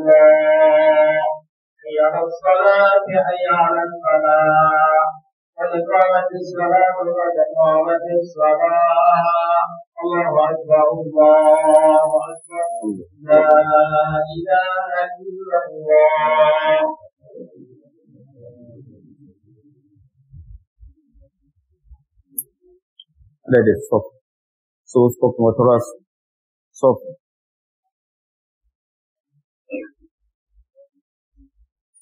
الله حي على الصلاة هيا على الفلاح قد قامت الصلاة قد قامت الصلاة الله أكبر الله أكبر لا إله إلا الله Let it stop. So stop motorist. Stop.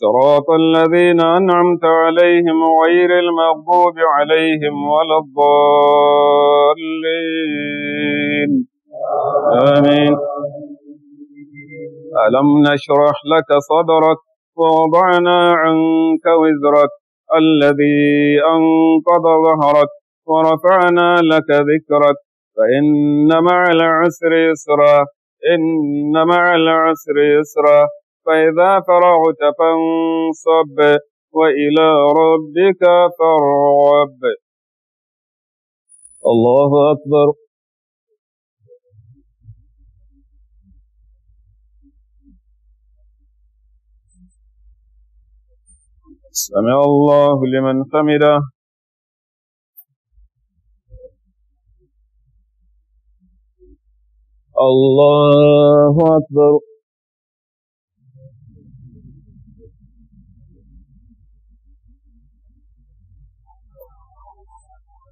صراط الذين أنعمت عليهم غير المغضوب عليهم ولا الضالين آمين ألم نشرح لك صدرك ووضعنا عنك وزرك الذي أنقض ظهرك ورفعنا لك ذكرك فإن مع العسر يسرا إن مع العسر يسرا فإذا فرغت فانصب وإلى ربك فارغب الله أكبر سمع الله لمن حمده الله أكبر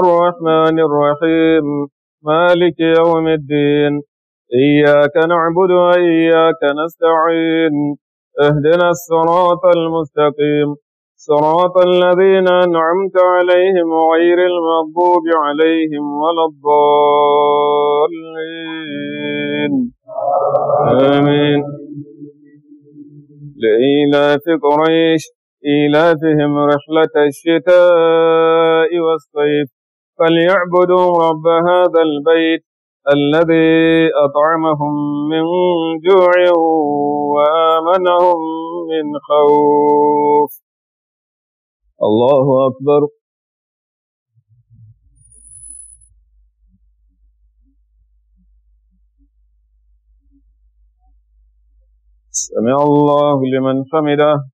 الرحمن الرحيم مالك يوم الدين إياك نعبد وإياك نستعين اهدنا الصراط المستقيم صراط الذين أنعمت عليهم غير المغضوب عليهم ولا الضالين آمين لإيلاف قريش إيلافهم رحلة الشتاء والصيف فليعبدوا رب هذا البيت الذي أطعمهم من جوع وآمنهم من خوف الله أكبر سمع الله لمن حمده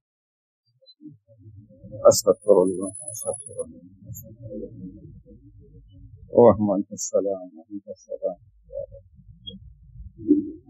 أستغفر الله أستغفر الله اللهم أنت السلام وأنت السلام